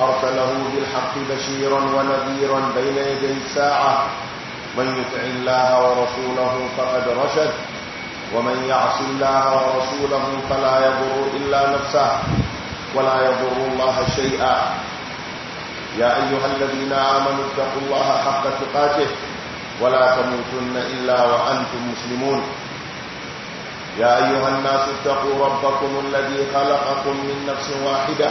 أرسله بالحق بشيرا ونذيرا بين يدي الساعة من يطع الله ورسوله فقد رشد ومن يعص الله ورسوله فلا يضر إلا نفسه ولا يضر الله شيئا يا أيها الذين آمنوا اتقوا الله حق تقاته ولا تموتن إلا وأنتم مسلمون يا أيها الناس اتقوا ربكم الذي خلقكم من نفس واحدة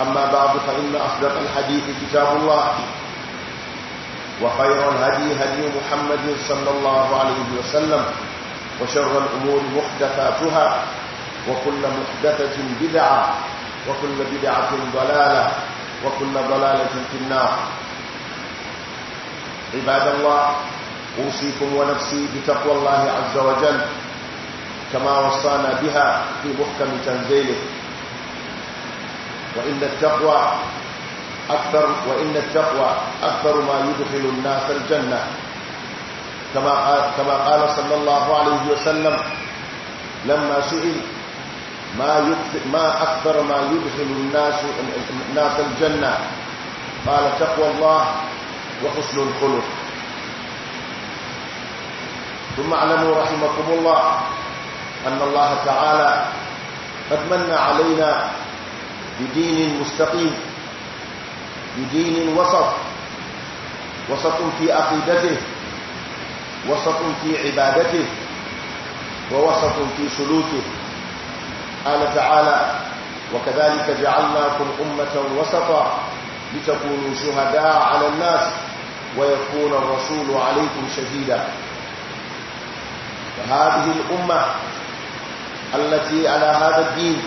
أما بعد فإن أصدق الحديث كتاب الله وخير الهدي هدي محمد صلى الله عليه وسلم وشر الأمور محدثاتها وكل محدثة بدعة وكل بدعة ضلالة وكل ضلالة في النار عباد الله أوصيكم ونفسي بتقوى الله عز وجل كما وصانا بها في محكم تنزيله وإن التقوى أكثر وإن التقوى أكثر ما يدخل الناس الجنة كما قال كما قال صلى الله عليه وسلم لما سئل ما ما أكثر ما يدخل الناس الناس الجنة قال تقوى الله وحسن الخلق ثم اعلموا رحمكم الله أن الله تعالى قد من علينا بدين مستقيم بدين وسط وسط في عقيدته وسط في عبادته ووسط في سلوكه قال تعالى وكذلك جعلناكم أمة وسطا لتكونوا شهداء على الناس ويكون الرسول عليكم شهيدا فهذه الأمة التي على هذا الدين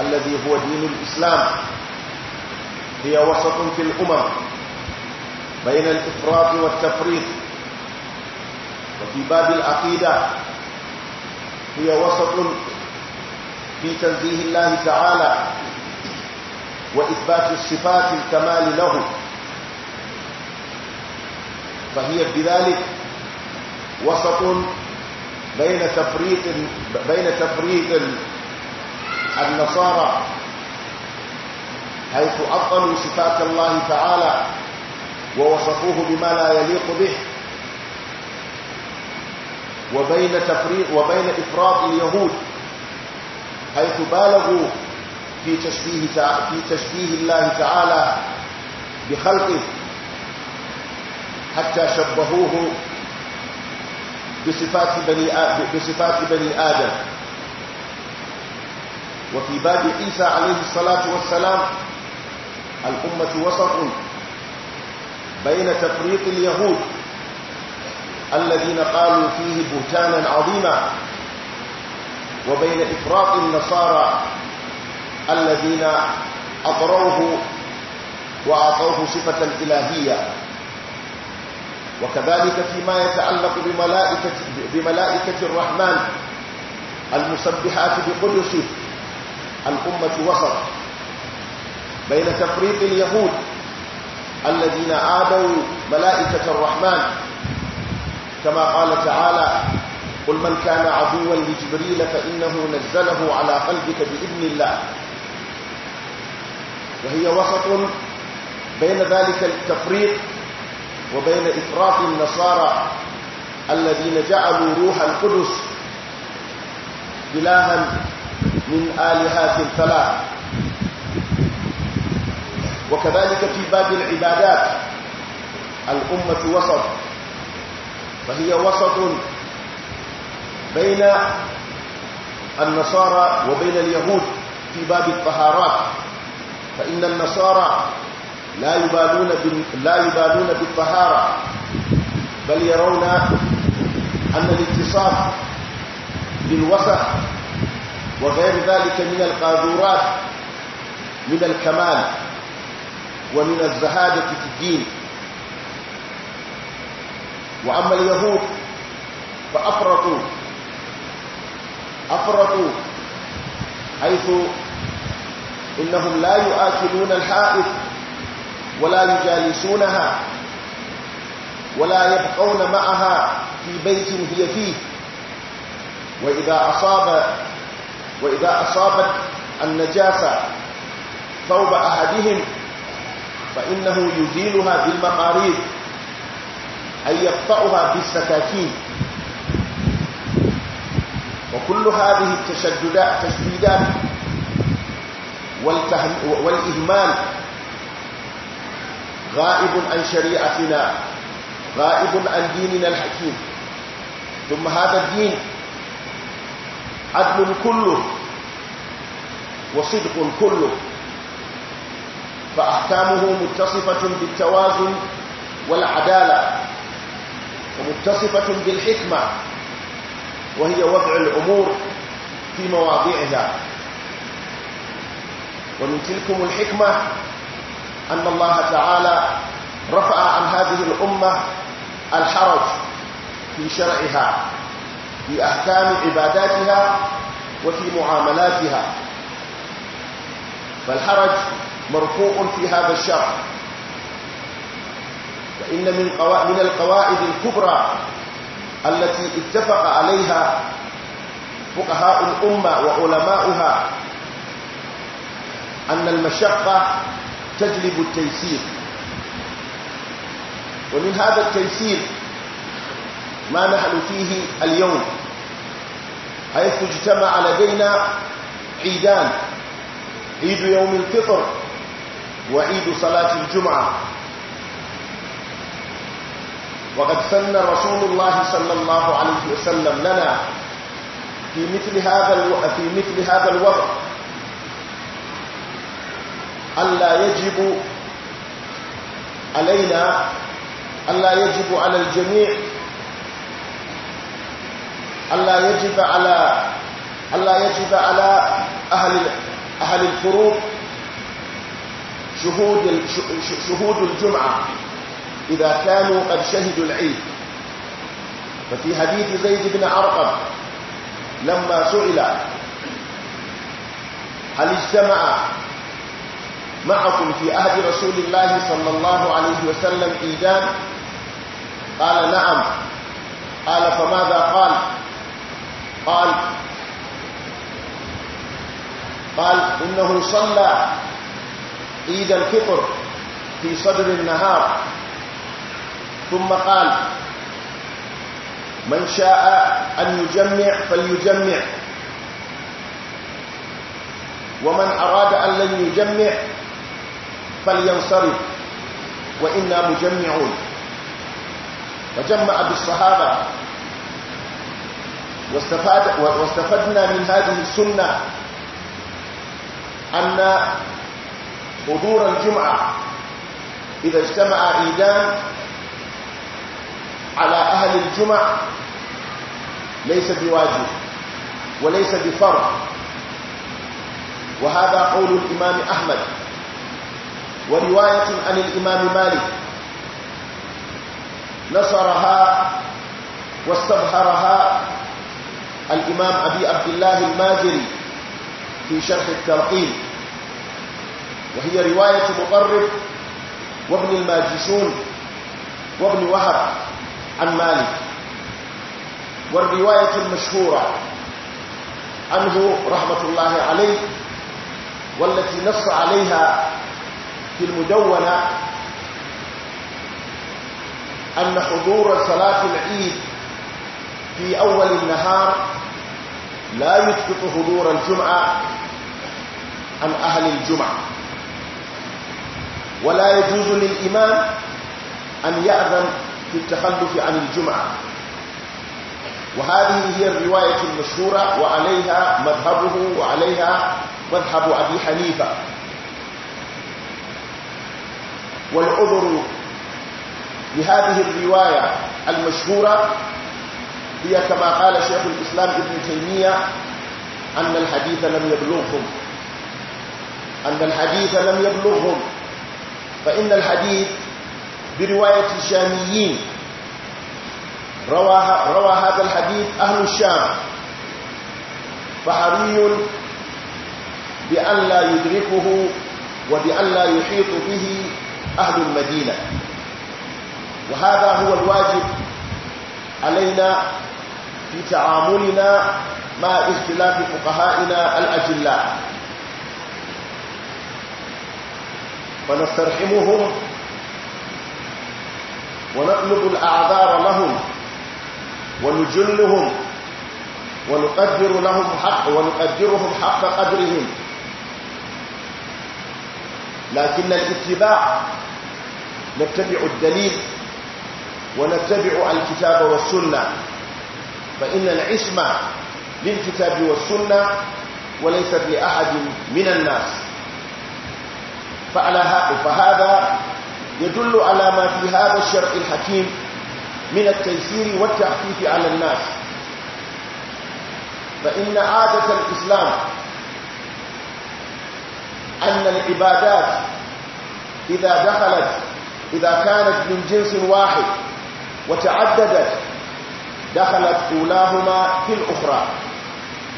الذي هو دين الإسلام هي وسط في الأمم بين الإفراط والتفريط وفي باب العقيدة هي وسط في تنزيه الله تعالى وإثبات الصفات الكمال له فهي بذلك وسط بين تفريط بين تفريط النصارى حيث عطلوا صفات الله تعالى ووصفوه بما لا يليق به وبين تفريق وبين إفراط اليهود حيث بالغوا في تشبيه في تشبيه الله تعالى بخلقه حتى شبهوه بصفات بني بصفات بني آدم وفي باب عيسى عليه الصلاة والسلام الأمة وسط بين تفريق اليهود الذين قالوا فيه بهتانا عظيما وبين إفراط النصارى الذين أطروه وأعطوه صفة إلهية وكذلك فيما يتعلق بملائكة, بملائكة الرحمن المسبحات بقدسه الأمة وسط بين تفريق اليهود الذين عادوا ملائكة الرحمن كما قال تعالى قل من كان عدوا لجبريل فإنه نزله على قلبك بإذن الله وهي وسط بين ذلك التفريق وبين إفراط النصارى الذين جعلوا روح القدس إلها من آلهات الثلاث وكذلك في باب العبادات الأمة وسط فهي وسط بين النصارى وبين اليهود في باب الطهارات فإن النصارى لا يبالون لا يبالون بالطهارة بل يرون أن الاتصاف بالوسخ وغير ذلك من القاذورات من الكمال ومن الزهادة في الدين وأما اليهود فأفرطوا أفرطوا حيث إنهم لا يؤكلون الحائط ولا يجالسونها ولا يبقون معها في بيت هي فيه وإذا أصاب وإذا أصابت النجاسة ثوب أحدهم فإنه يزيلها بالمقاريض أي يقطعها بالسكاكين وكل هذه التشددات تشديدات والإهمال غائب عن شريعتنا غائب عن ديننا الحكيم ثم هذا الدين عدل كله وصدق كله فأحكامه متصفة بالتوازن والعدالة ومتصفة بالحكمة وهي وضع الأمور في مواضعها ومن تلكم الحكمة أن الله تعالى رفع عن هذه الأمة الحرج في شرعها في أحكام عباداتها وفي معاملاتها فالحرج مرفوع في هذا الشرع فإن من من القواعد الكبرى التي اتفق عليها فقهاء الأمة وعلماؤها أن المشقة تجلب التيسير ومن هذا التيسير ما نحن فيه اليوم حيث اجتمع لدينا عيدان عيد يوم الفطر وعيد صلاة الجمعة وقد سن رسول الله صلى الله عليه وسلم لنا في مثل هذا الو... في مثل هذا الوضع ألا يجب علينا ألا يجب على الجميع ألا يجب على ألا يجب على أهل أهل الفروض شهود شهود الجمعة إذا كانوا قد شهدوا العيد ففي حديث زيد بن أرقم لما سئل هل اجتمع معكم في عهد رسول الله صلى الله عليه وسلم ايجاد قال نعم قال فماذا قال قال قال إنه صلى عيد الفطر في صدر النهار ثم قال من شاء أن يجمع فليجمع ومن أراد أن لن يجمع فلينصرف وإنا مجمعون فجمع بالصحابة واستفاد واستفدنا من هذه السنة أن حضور الجمعة إذا اجتمع عيدان على أهل الجمع ليس بواجب وليس بفرض وهذا قول الإمام أحمد ورواية عن الإمام مالك نصرها واستظهرها الإمام أبي عبد الله المازري في شرح التلقين وهي رواية مقرب وابن الماجشون وابن وهب عن مالك والرواية المشهورة عنه رحمة الله عليه والتي نص عليها في المدونة أن حضور صلاة العيد في أول النهار لا يثبت حضور الجمعة عن أهل الجمعة ولا يجوز للإمام أن يأذن في التخلف عن الجمعة وهذه هي الرواية المشهورة وعليها مذهبه وعليها مذهب أبي حنيفة والعذر لهذه الرواية المشهورة هي كما قال شيخ الإسلام ابن تيمية أن الحديث لم يبلغهم أن الحديث لم يبلغهم فإن الحديث برواية الشاميين روى, روى هذا الحديث أهل الشام فحري بأن لا يدركه وبأن لا يحيط به أهل المدينة وهذا هو الواجب علينا في تعاملنا مع اختلاف فقهائنا الأجلاء فنسترحمهم ونقلب الأعذار لهم ونجلهم ونقدر لهم حق ونقدرهم حق قدرهم لكن الاتباع نتبع الدليل ونتبع الكتاب والسنة فإن العصمة للكتاب والسنة وليست لأحد من الناس فعلى فهذا يدل على ما في هذا الشرع الحكيم من التيسير والتعفيف على الناس فإن عادة الإسلام أن العبادات إذا دخلت إذا كانت من جنس واحد وتعددت دخلت أولاهما في الأخرى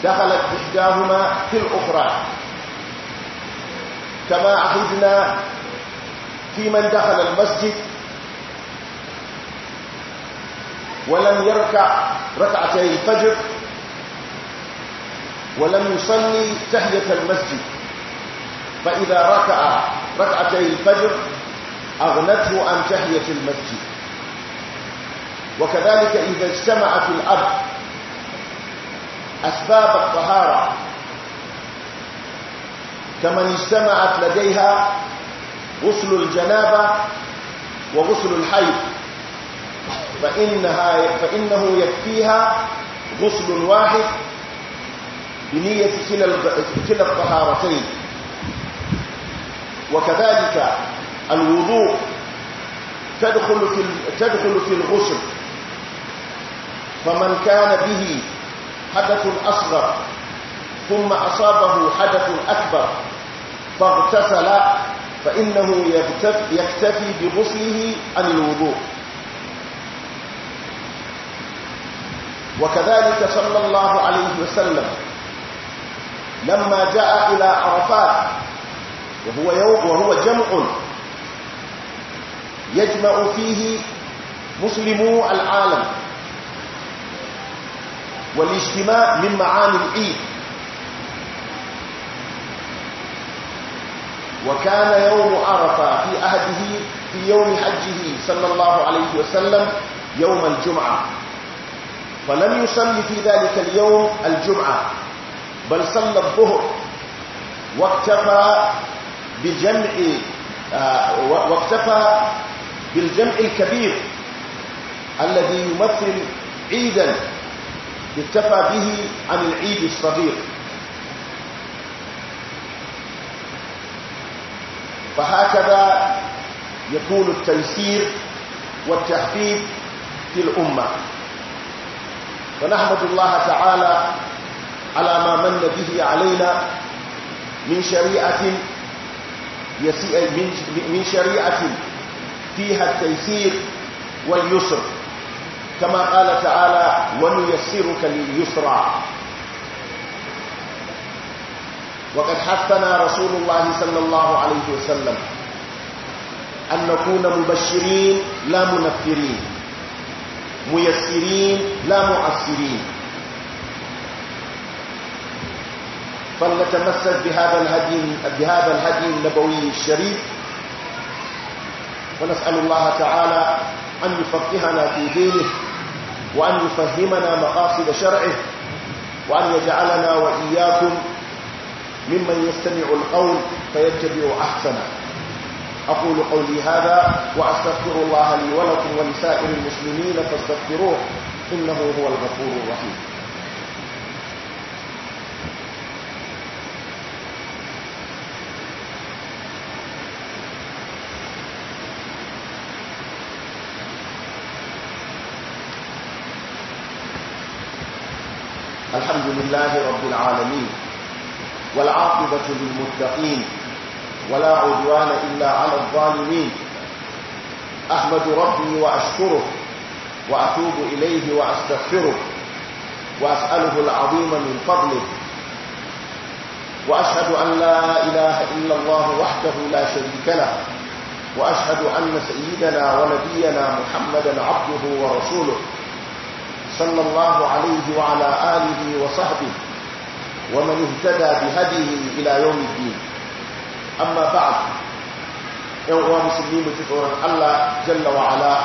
دخلت إحداهما في الأخرى كما عهدنا في من دخل المسجد ولم يركع ركعتي الفجر ولم يصلي تحية المسجد فإذا ركع ركعتي الفجر أغنته عن تحية المسجد وكذلك إذا اجتمع في الأرض أسباب الطهارة كمن اجتمعت لديها غسل الجنابة وغسل الحيض فإنها فإنه يكفيها غسل واحد بنية كلا الطهارتين وكذلك الوضوء تدخل في تدخل في الغسل فمن كان به حدث أصغر ثم أصابه حدث أكبر فاغتسل فإنه يكتفي بغسله عن الوضوء وكذلك صلى الله عليه وسلم لما جاء إلى عرفات وهو يوم وهو جمع يجمع فيه مسلمو العالم والاجتماع من معاني العيد وكان يوم عرفة في أهده في يوم حجه صلى الله عليه وسلم يوم الجمعة فلم يصلي في ذلك اليوم الجمعة بل صلى الظهر واكتفى بجمع آه، واكتفى بالجمع الكبير الذي يمثل عيدا يكتفى به عن العيد الصغير فهكذا يكون التيسير والتحبيب في الأمة فنحمد الله تعالى على ما من به علينا من شريعة من شريعة فيها التيسير واليسر كما قال تعالى ونيسرك لليسرى وقد حثنا رسول الله صلى الله عليه وسلم أن نكون مبشرين لا منفرين ميسرين لا معسرين فلنتمسك بهذا الهدي بهذا الهدي النبوي الشريف ونسأل الله تعالى أن يفقهنا في دينه وأن يفهمنا مقاصد شرعه وأن يجعلنا وإياكم ممن يستمع القول فيتبع أحسنه أقول قولي هذا وأستغفر الله لي ولكم ولسائر المسلمين فاستغفروه إنه هو الغفور الرحيم لله رب العالمين والعاقبة للمتقين ولا عدوان إلا على الظالمين أحمد ربي وأشكره وأتوب إليه وأستغفره وأسأله العظيم من فضله وأشهد أن لا إله إلا الله وحده لا شريك له وأشهد أن سيدنا ونبينا محمدا عبده ورسوله صلى الله عليه وعلى آله وصحبه ومن اهتدى بهديه إلى يوم الدين أما بعد يوم مسلمين تسعون الله جل وعلا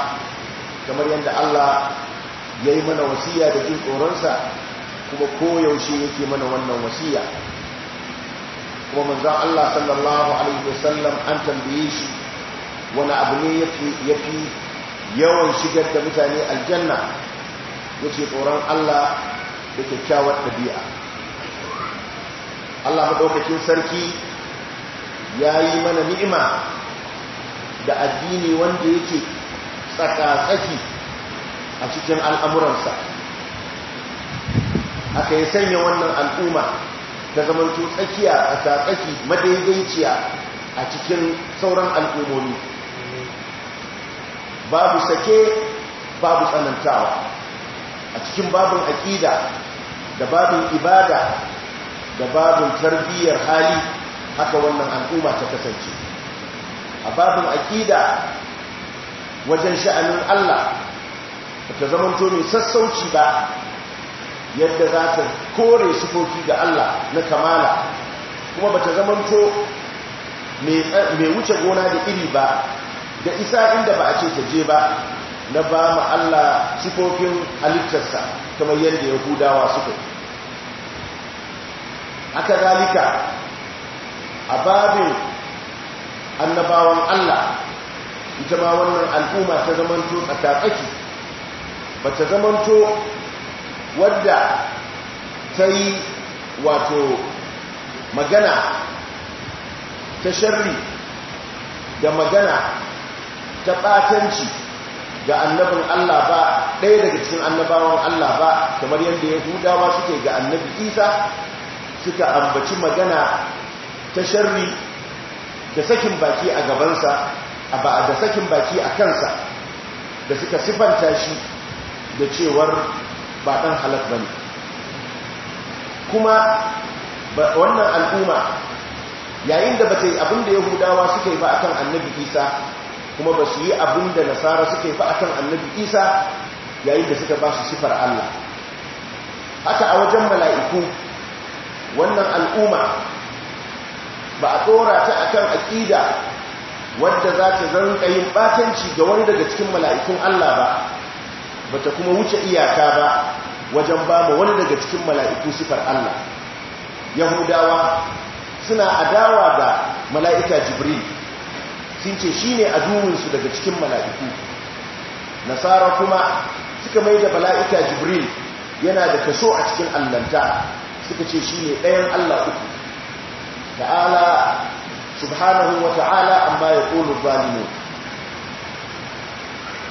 كما يند الله يمن وسيا jin tsoronsa. kuma koyaushe yake mana wannan wasiya kuma manzan Allah sallallahu Alaihi wasallam an tambaye shi wani abu ne ya fi yawan shigar da mutane aljanna yace tsoron Allah da kyakkyawar ɗabi'a Allah maɗaukakin sarki ya yi mana ni'ima da addini wanda yake tsaka a cikin al'amuransa aka yi sanya wannan al'umma ta zamantu tsakiya a tsakaki madaidaiciya a cikin sauran al'ummomi babu sake babu tsanantawa a cikin babin aƙida da babin ibada da babin tarbiyyar hali haka wannan al'umma ta kasance a babin aƙida wajen sha'anin Allah ba ta zamanto mai sassauci ba yadda za ta kore sufofi ga Allah na kamala kuma ba ta zamanto mai wuce gona da iri ba da isa inda ba a ce ta je ba na ba mu Allah sifofin halittarsa kamar yadda yahudawa suka aka zalika a babin annabawan Allah ita ma wannan al'umma ta zamanto tsakaki ba ta zamanto wadda ta yi wato magana ta sharri da magana ta ɓatanci ga annabin Allah ba ɗaya daga cikin annabawan Allah ba kamar yadda yahudawa suke ga annabi isa suka ambaci magana ta sharri da sakin baki a gabansa da sakin baki a kansa da suka sifanta shi da cewar ba ɗan halar ba ne kuma wannan al'umma yayin da ba ta yi abinda yahudawa suka yi ba a kan annabi isa kuma ba su yi abin da nasara suke fa kan annabi isa yayin da suka ba su sifar allah haka a wajen mala'iku wannan al'umma ba a tsora ta akan aƙida wadda za ta zanka yin batanci ga wani daga cikin mala'ikun allah ba ba ta kuma wuce iyaka ba wajen ba ma wani daga cikin mala'iku sifar allah yahudawa suna adawa ga mala'ika jibril sun ce shi ne daga cikin mala'iku nasara kuma suka mai da bala'ika jibril yana da kaso a cikin allanta suka ce shi ne ɗayan allah uku ta'ala subhanahu wa ta'ala amma ya ƙolin zalimu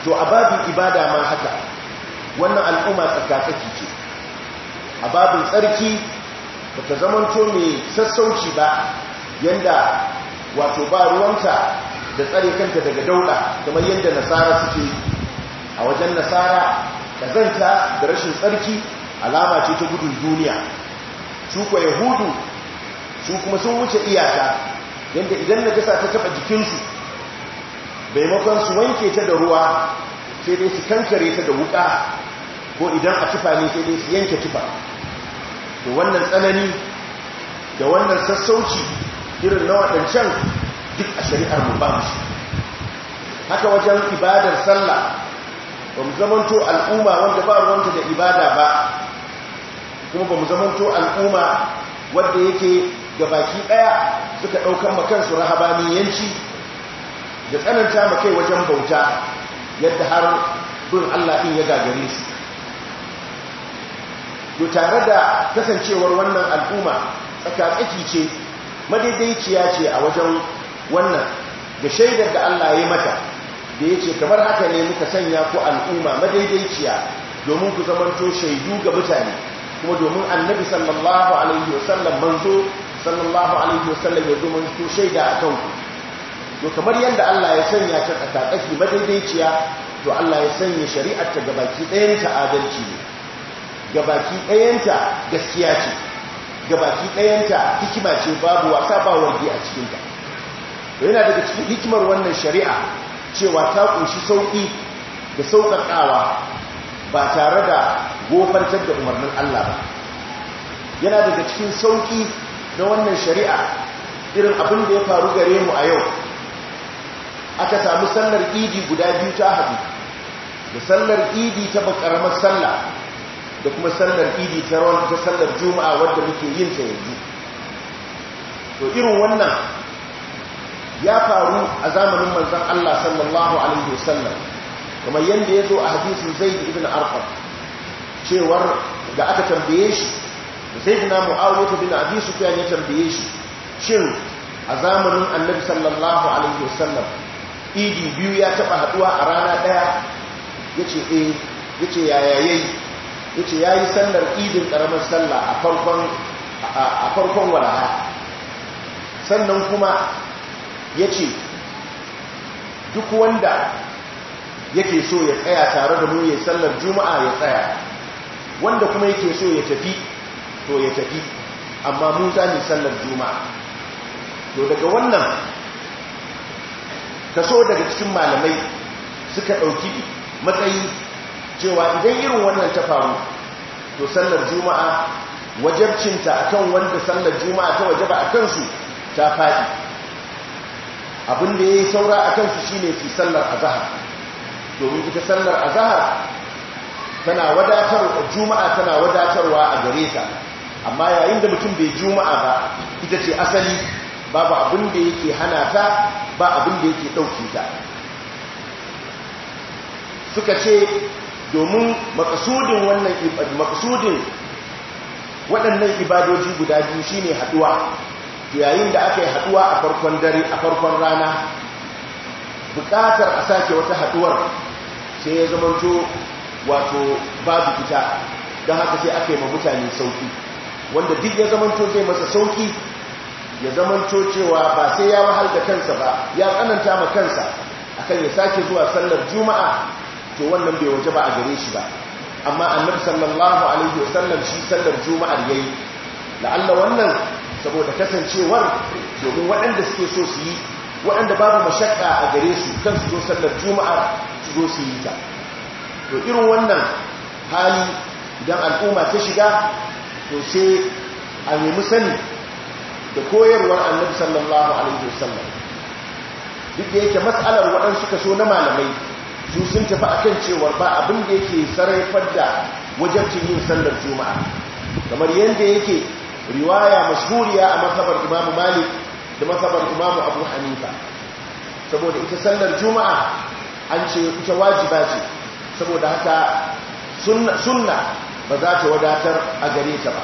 to a babin ibada ma haka wannan al'umma tsakakaki ce a babin tsarki ba ta zamanto mai sassauci ba yanda wato ba ruwanta da tsare kanta daga dauda kamar yadda nasara suke a wajen nasara kazanta da rashin tsarki alama ce ta gudun duniya su kwa yahudu su kuma sun wuce iyata yadda idan na gasa ta taba jikinsu maimakon su wanke ta da ruwa sai dai su kankare ta da wuka ko idan a tufa ne sai dai su yanke tufa da wannan tsanani da wannan sassauci irin na waɗancan duk a shari'ar mu ba musu haka wajen ibadar sallah ba mu zamanto al'umma wanda ba ruwanta da ibada ba kuma ba mu zamanto al'umma wanda yake ga baki daya suka daukan makansu rahabaniyanci da tsananta makai wajen bauta yadda har bin Allah in ya gagare su to tare da kasancewar wannan al'umma tsakatsaki ce madaidaiciya ce a wajen wannan da shaidar da Allah ya mata da ya ce kamar haka ne muka sanya ku al'umma madaidaiciya domin ku zamanto shaidu ga mutane kuma domin annabi sallallahu alaihi wasallam manzo sallallahu alaihi wasallam ya zama to shaida a kanku to kamar yadda Allah ya sanya ta tsakatsaki madaidaiciya to Allah ya sanya shari'ar ta gabaki ɗayanta adalci ne gabaki ɗayanta gaskiya ce gabaki ɗayanta hikima ce babu wasa ba wargi a cikinta to yana daga cikin hikimar wannan shari'a cewa ta kunshi sauƙi da sauƙaƙawa ba tare da gofartar da umarnin Allah ba yana daga cikin sauƙi na wannan shari'a irin abin da ya faru gare mu a yau aka samu sallar idi guda biyu ta haɗu da sallar idi ta bakaramar sallah da kuma sallar idi ta sallar juma'a wadda muke yin ta yanzu to irin wannan ya faru a zamanin manzan Allah sallallahu alaihi wasallam kamar yadda ya zo a hadisin zaid ibn arqam cewar da aka tambaye shi zaid na mu'awiyah bin abi sufyan ya tambaye shi shin a zamanin annabi sallallahu alaihi wasallam idi biyu ya taba haduwa a rana daya yace eh yace yaya yayi yace yayi sallar idin karamar sallah a farkon a farkon walaha sannan kuma ya ce duk wanda yake so ya tsaya tare da mu ya sallar juma'a ya tsaya wanda kuma yake so ya tafi to ya tafi amma mu za mu sallar juma'a to daga wannan kaso daga cikin malamai suka ɗauki matsayi cewa idan irin wannan ta faru to sallar juma'a wajabcinta akan wanda sallar juma'a ta wajaba a kansu ta faɗi abin da ya yi saura a kansu shi ne su sallar azahar domin ita sallar azahar tana wadatarwa juma'a tana wadatarwa a gare ta amma yayin da mutum bai juma'a ba ita ce asali babu abin da yake hana ta ba abin da yake ɗauki ta suka ce domin makasudin wannan makasudin waɗannan ibadoji guda biyu shine haɗuwa yayin da aka yi haduwa a farkon dare a farkon rana bukatar a sake wata haduwar sai ya zamanto wato babu fita don haka sai aka yi ma mutane sauki wanda duk ya zamanto zai masa sauki ya zamanto cewa ba sai ya wahal da kansa ba ya tsananta ma kansa akan ya sake zuwa sallar juma'a to wannan bai waje ba a gare shi ba amma annabi sallallahu alaihi wasallam shi sallar juma'ar yayi la'alla wannan saboda kasancewar domin waɗanda suke so su yi waɗanda babu mashakka a gare su kan su zo sallar juma'a su zo su yi ta to irin wannan hali idan al'umma ta shiga to sai a nemi sani da koyarwar annabi sallallahu alaihi wasallam duk da yake matsalar waɗansu kaso na malamai su sun tafi akan cewar ba abin da yake sarrafar da cin yin sallar juma'a kamar yadda yake riwaya mashhuriya a masabar imamu malik da masabar imamu abu hanifa saboda ita sallar juma'a an ce ita wajiba ce saboda haka sunna ba za ta wadatar a gare ta ba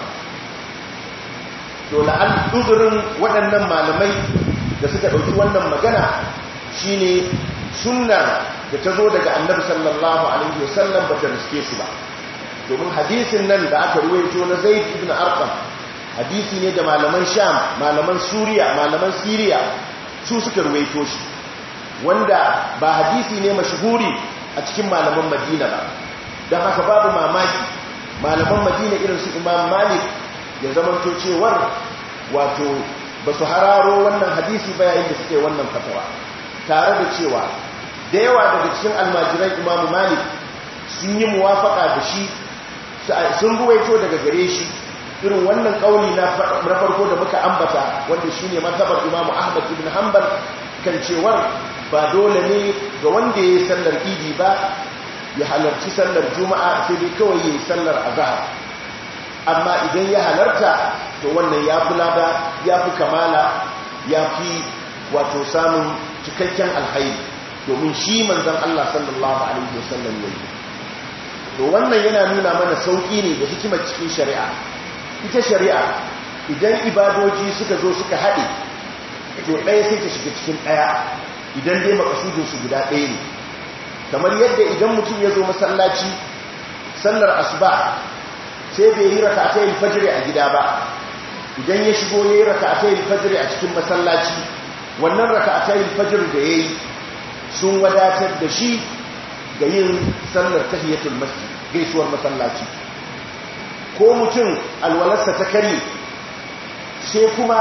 to la'an uzurin waɗannan malamai da suka ɗauki wannan magana shine sunnar da ta zo daga annabi sallallahu alaihi wasallam ba ta riske su ba domin hadisin nan da aka ruwaito na zaid ibn arqam hadisi ne da malaman sham malaman suriya malaman siriya su suka ruwaito shi wanda ba hadisi ne mashuhuri a cikin malaman madina ba don haka babu mamaki malaman madina irin su imam malik ya zamanto cewar wato ba su hararo wannan hadisi ba yayin da suke wannan fatawa tare da cewa da yawa daga cikin almajiran imam malik sun yi muwafaka da shi sun ruwaito daga gare shi irin wannan kauli na farko da muka ambata wanda shine mazhabar Imam Ahmad ibn Hanbal kan cewar ba dole ne ga wanda ya sallar idi ba ya halarci sallar juma'a sai dai kawai ya yi sallar azhar amma idan ya halarta to wannan ya fi lada ya fi kamala ya fi wato samun cikakken alhaini domin shi manzan Allah sallallahu alaihi wasallam yayi to wannan yana nuna mana sauki ne da hikimar cikin shari'a ita shari'a idan ibadoji suka zo suka haɗe to ɗaya sai ta shiga cikin ɗaya idan dai makasudinsu guda ɗaya ne kamar yadda idan mutum ya zo masallaci sallar asuba sai bai yi raka ta fajiri a gida ba idan ya shigo ya yi raka ta fajiri a cikin masallaci wannan raka ta fajir da ya yi sun wadatar da shi ga yin sallar tahiyatul masjid gaisuwar masallaci ko mutum alwalarsa ta kari sai kuma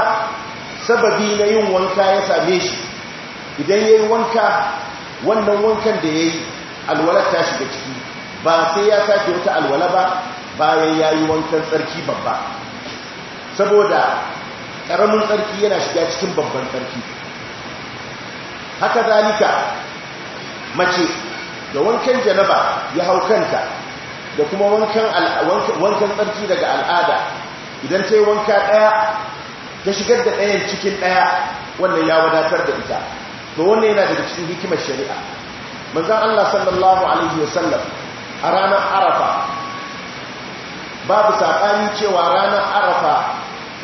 sababi na yin wanka ya same shi idan ya yi wanka wannan wankan da ya yi alwalar ta shiga ciki ba sai ya sake wata alwala ba bayan ya yi wankan tsarki babba saboda ƙaramin tsarki yana shiga cikin babban tsarki haka zalika mace da wankan janaba ya hau kanta da kuma wankan tsarki daga al'ada idan ta yi wanka ɗaya ta shigar da ɗayan cikin ɗaya wannan ya wadatar da ita to wannan yana daga cikin hikimar shari'a manzan Allah sallallahu alaihi wasallam a ranar arafa babu saɓani cewa ranar arafa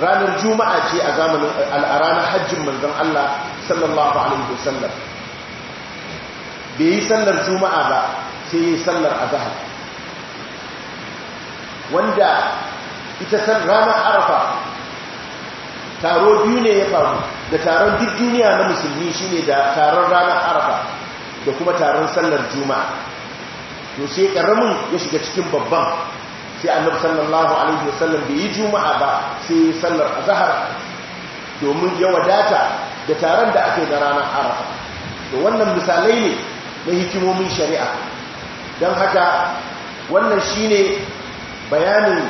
ranar juma'a ce a zamanin ranar hajjin manzan Allah sallallahu alaihi wasallam bai yi sallar juma'a ba sai yi sallar azahar wanda ita san ranar arafa taro biyu ne ya faru da taron duk duniya na musulmi shine da taron ranar arafa da kuma taron sallar juma'a to sai karamin ya shiga cikin babban sai annabi sallallahu alaihi wasallam bai yi juma'a ba sai sallar azhar domin ya wadata da taron da ake da ranar arafa to wannan misalai ne na hikimomin shari'a don haka wannan shine bayanin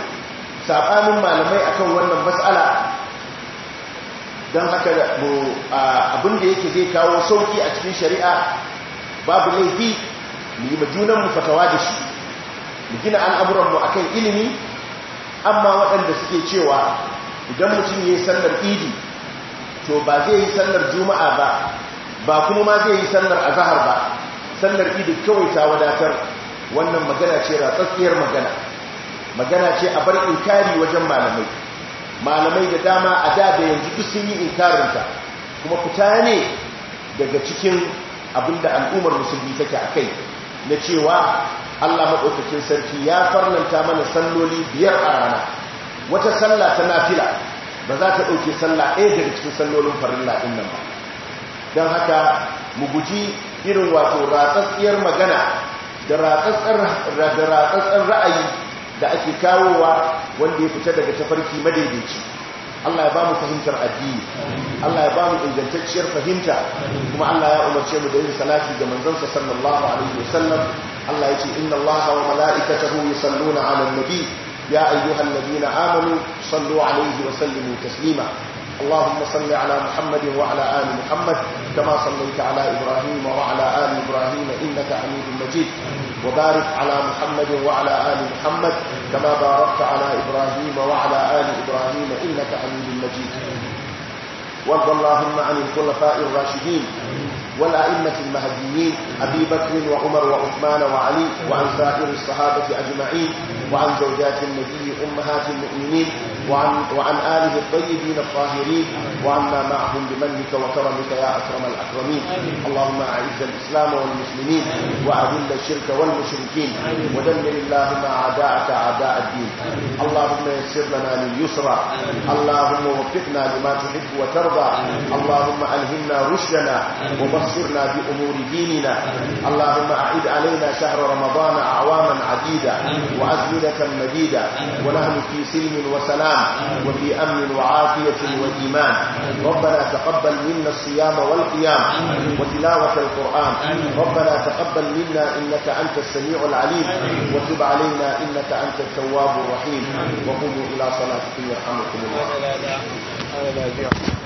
saɓanin malamai akan wannan matsala don haka abin da yake zai kawo sauki a cikin shari'a babu laifi mu yi mu fatawa da shi mu gina al'amuranmu a kan ilimi amma waɗanda suke cewa idan mutum ya yi sallar idi to ba zai yi sallar juma'a ba ba kuma ma zai yi sallar azahar ba sallar idi kawai ta wadatar wannan magana ce ratsatsiyar magana magana ce a bar inkari wajen malamai malamai da dama a da da yanzu duk sun yi inkarinta kuma fita ne daga cikin abinda al'ummar musulmi take a kai na cewa Allah maɗaukakin sarki ya farnanta mana salloli biyar a rana wata sallah ta nafila ba za ta ɗauke sallah ɗaya daga cikin sallolin farilla ɗin nan ba don haka mu guji irin wato ratsatsiyar magana da ratsatsar ra'ayi da ake kawowa wanda ya fita daga tafarki madaidaici Allah ya ba mu fahimtar addini Allah ya ba mu ingantacciyar fahimta kuma Allah ya umarce mu da yin salati ga manzansa sallallahu alaihi wasallam Allah ya ce inna Allah wa mala'ikatahu yusalluna 'alan nabi ya ayyuhalladhina amanu sallu 'alaihi wa sallimu taslima اللهم صل على محمد وعلى آل محمد كما صليت على إبراهيم وعلى آل إبراهيم إنك حميد مجيد وبارك على محمد وعلى آل محمد كما باركت على إبراهيم وعلى آل إبراهيم إنك حميد مجيد وارض اللهم عن الخلفاء الراشدين والأئمة المهديين أبي بكر وعمر وعثمان وعلي وعن سائر الصحابة أجمعين وعن زوجات النبي أمهات المؤمنين وعن, وعن آله الطيبين الطاهرين وعنا معهم بمنك وكرمك يا أكرم الأكرمين اللهم أعز الإسلام والمسلمين وأذل الشرك والمشركين ودمر اللهم أعداءك أعداء الدين اللهم يسر لنا لليسرى اللهم وفقنا لما تحب وترضى اللهم ألهمنا رشدنا وبصرنا وانصرنا بأمور ديننا اللهم أعد علينا شهر رمضان أعواما عديدة وأزمنة مديدة ونحن في سلم وسلام وفي أمن وعافية وإيمان ربنا تقبل منا الصيام والقيام وتلاوة القرآن ربنا تقبل منا إنك أنت السميع العليم وتب علينا إنك أنت التواب الرحيم وقوموا إلى صلاتكم يرحمكم الله